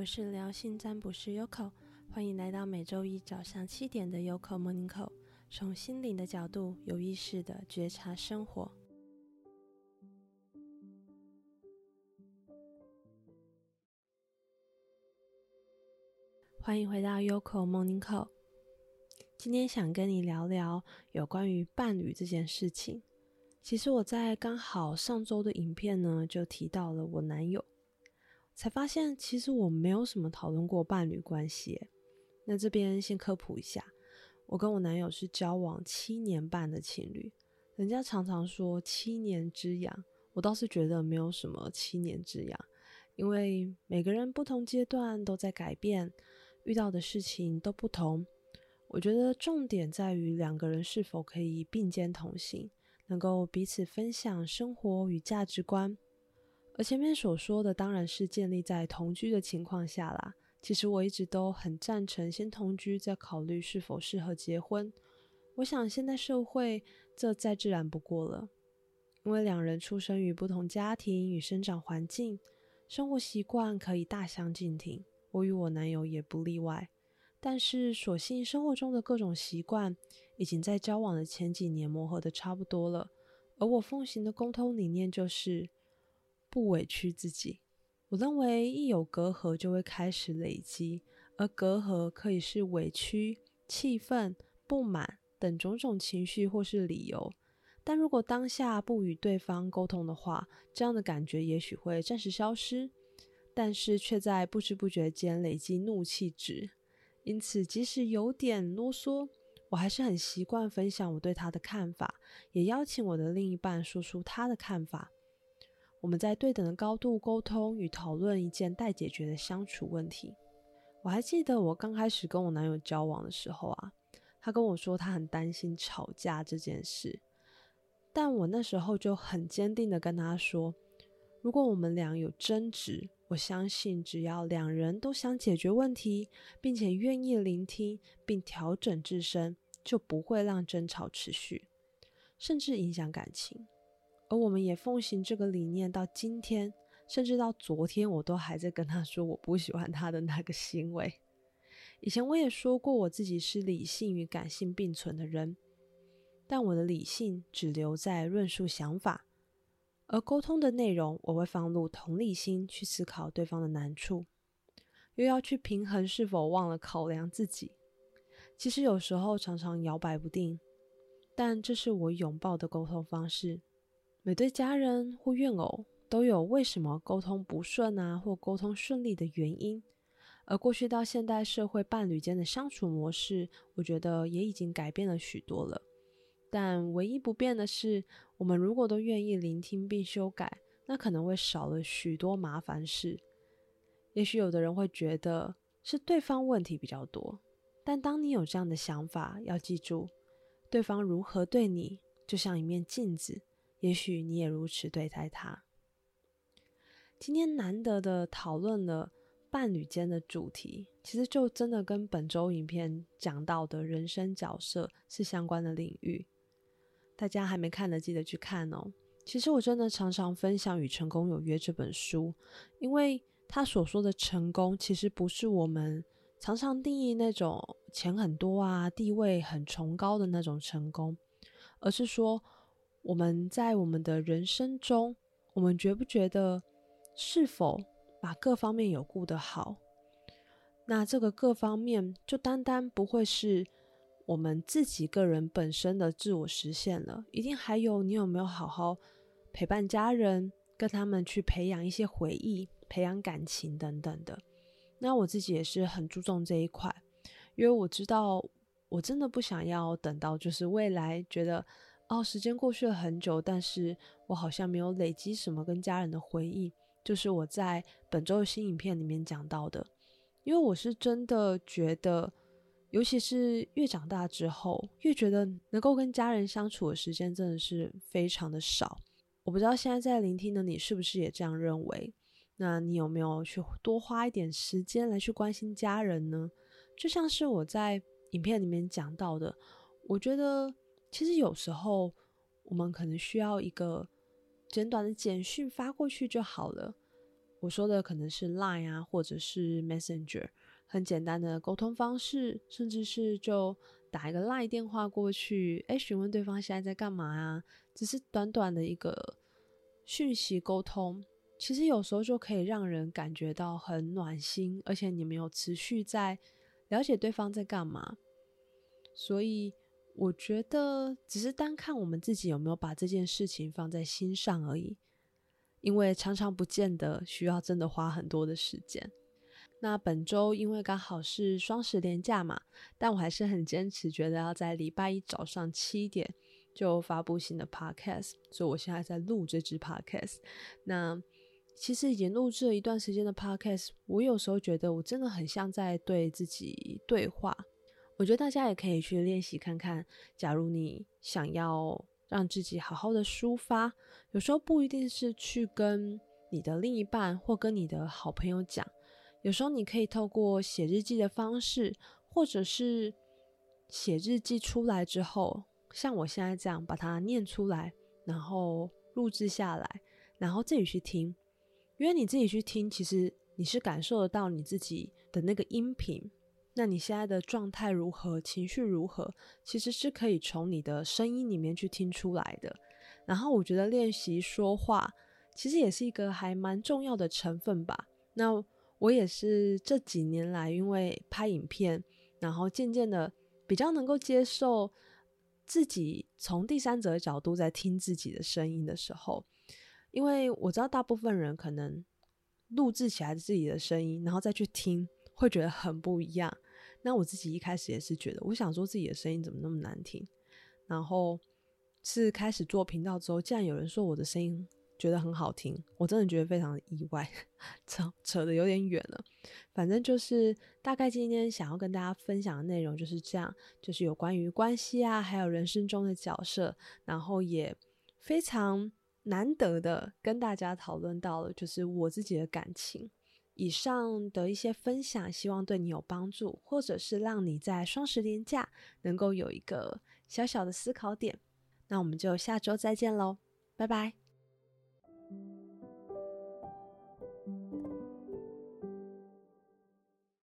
我是療心占卜師 Yoko，歡迎來到每周一早上七點的 Yoko Morning Call，從心靈的角度有意識的覺察生活。歡迎回到 Yoko Morning Call，今天想跟你聊聊有關於伴侶這件事情。其實我在剛好上周的影片呢，就提到了我男友。才發現，其實我沒有什麼討論過伴侶關係。那這邊先科普一下，我跟我男友是交往七年半的情侶。人家常常說七年之癢，我倒是覺得沒有什麼七年之癢，因為每個人不同階段都在改變，遇到的事情都不同。我覺得重點在於兩個人是否可以並肩同行，能夠彼此分享生活與價值觀。我前面所說的當然是建立在同居的情況下啦。其實我一直都很贊成先同居再考慮是否適合結婚。我想現在社會這再自然不過了，因為兩人出生於不同家庭與生長環境，生活習慣可以大相徑庭。我與我男友也不例外。但是，所幸生活中的各種習慣已經在交往的前幾年磨合得差不多了。而我奉行的溝通理念就是，不委屈自己，我認為一有隔閡就會開始累積，而隔閡可以是委屈、氣憤、不滿等種種情緒或是理由。但如果當下不與對方溝通的話，這樣的感覺也許會暫時消失，但是卻在不知不覺間累積怒氣值。因此，即使有點囉嗦，我還是很習慣分享我對他的看法，也邀請我的另一半說出他的看法。我們在對等的高度溝通與討論一件待解決的相處問題。我還記得我剛開始跟我男友交往的時候啊，他跟我說他很擔心吵架這件事，但我那時候就很堅定地跟他說，如果我們倆有爭執，我相信只要兩人都想解決問題，並且願意聆聽並調整自身，就不會讓爭吵持續，甚至影響感情。而我們也奉行這個理念，到今天，甚至到昨天，我都還在跟他說我不喜歡他的那個行為。以前我也說過，我自己是理性與感性並存的人，但我的理性只留在論述想法，而溝通的內容我會放入同理心去思考對方的難處，又要去平衡是否忘了考量自己。其實有時候常常搖擺不定，但這是我擁抱的溝通方式。每對家人或怨偶都有為什麼溝通不順啊，或溝通順利的原因。而過去到現代社會，伴侶間的相處模式，我覺得也已經改變了許多了。但唯一不變的是，我們如果都願意聆聽並修改，那可能會少了許多麻煩事。也許有的人會覺得是對方問題比較多，但當你有這樣的想法，要記住，對方如何對你，就像一面鏡子。也許你也如此對待他。今天難得的討論了伴侶間的主題，其實就真的跟本週影片講到的人生角色是相關的領域。大家還沒看的，記得去看哦。其實我真的常常分享《與成功有約》這本書，因為他所說的成功，其實不是我們常常定義那種錢很多啊、地位很崇高的那種成功，而是說。我們在我們的人生中，我們覺不覺得是否把各方面有顧得好？那這個各方面就單單不會是我們自己個人本身的自我實現了，一定還有你有沒有好好陪伴家人，跟他們去培養一些回憶、培養感情等等的。那我自己也是很注重這一塊，因為我知道我真的不想要等到就是未來覺得。哦，時間過去了很久，但是我好像沒有累積什麼跟家人的回憶，就是我在本週的新影片裡面講到的。因為我是真的覺得，尤其是越長大之後，越覺得能夠跟家人相處的時間真的是非常的少。我不知道現在在聆聽的你是不是也這樣認為？那你有沒有去多花一點時間來去關心家人呢？就像是我在影片裡面講到的，我覺得。其實有時候我們可能需要一個簡短的簡訊發過去就好了。我說的可能是 Line 啊，或者是 Messenger，很簡單的溝通方式，甚至是就打一個 Line 電話過去，哎，詢問對方現在在幹嘛啊？只是短短的一個訊息溝通，其實有時候就可以讓人感覺到很暖心，而且你沒有持續在了解對方在幹嘛，所以。我覺得只是單看我們自己有沒有把這件事情放在心上而已，因為常常不見得需要真的花很多的時間。那本周因為剛好是雙十連假嘛，但我還是很堅持，覺得要在禮拜一早上七點就發布新的 podcast，所以我現在在錄這支 podcast。那其實已經錄制了一段時間的 podcast，我有時候覺得我真的很像在對自己對話。我覺得大家也可以去練習看看。假如你想要讓自己好好的抒發，有時候不一定是去跟你的另一半或跟你的好朋友講，有時候你可以透過寫日記的方式，或者是寫日記出來之後，像我現在這樣把它念出來，然後錄制下來，然後自己去聽，因為你自己去聽，其實你是感受得到你自己的那個音頻。那你現在的狀態如何？情緒如何？其實是可以從你的聲音裡面去聽出來的。然後我覺得練習說話其實也是一個還蠻重要的成分吧。那我也是這幾年來因為拍影片，然後漸漸的比較能夠接受自己從第三者的角度在聽自己的聲音的時候，因為我知道大部分人可能錄製起來自己的聲音，然後再去聽會覺得很不一樣。那我自己一開始也是覺得，我想說自己的聲音怎麼那麼難聽？然後是開始做頻道之後，竟然有人說我的聲音覺得很好聽，我真的覺得非常的意外。扯，扯得有點遠了，反正就是大概今天想要跟大家分享的內容就是這樣，就是有關於關係啊，還有人生中的角色，然後也非常難得的跟大家討論到了，就是我自己的感情。以上的一些分享，希望對你有幫助，或者是讓你在雙十連假能夠有一個小小的思考點。那我們就下周再見嘍，拜拜。